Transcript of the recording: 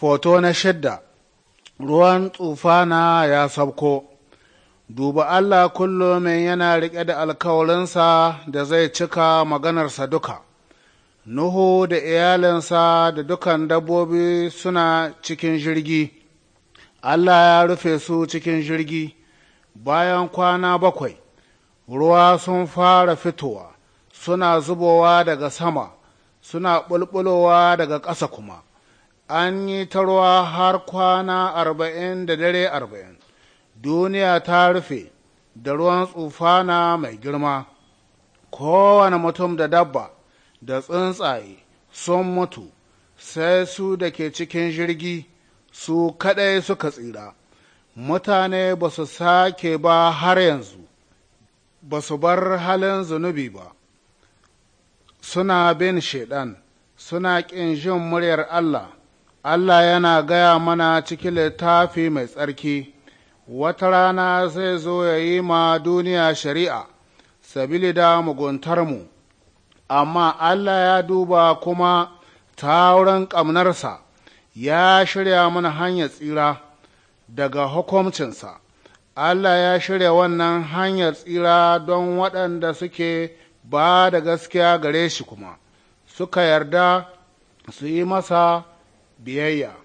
Foto na shidda Ruwan tsufana ya sabko Duba Allah kullum yana riƙe da alkawarinsa da zai cika maganarsa duka. Nuhu da iyalinsa da dukan dabbobi suna cikin jirgi, Allah ya rufe su cikin jirgi, bayan kwana bakwai, ruwa sun fara fitowa, suna zubowa daga sama, suna ɓulɓulowa daga ƙasa kuma. an yi ta ruwa har kwana arba'in da dare arba'in, duniya ta rufe da ruwan tsufana mai girma, kowane mutum da dabba da tsuntsaye sun mutu, sai su da ke cikin jirgi su kaɗai suka tsira, mutane ba su sake ba har yanzu, ba su bar halin zunubi ba, suna bin shaiɗan, suna ƙin jin muryar Allah. Allah yana gaya mana cikin littafi mai tsarki, wata rana zai zo ya yi ma duniya shari'a, sabili da muguntarmu, amma Allah ya duba kuma ta wurin ƙamnarsa, ya shirya mana hanyar tsira daga hukumcinsa. Allah ya shirya wannan hanyar tsira don waɗanda suke ba da gaskiya gare shi kuma, suka yarda su yi masa Bieia.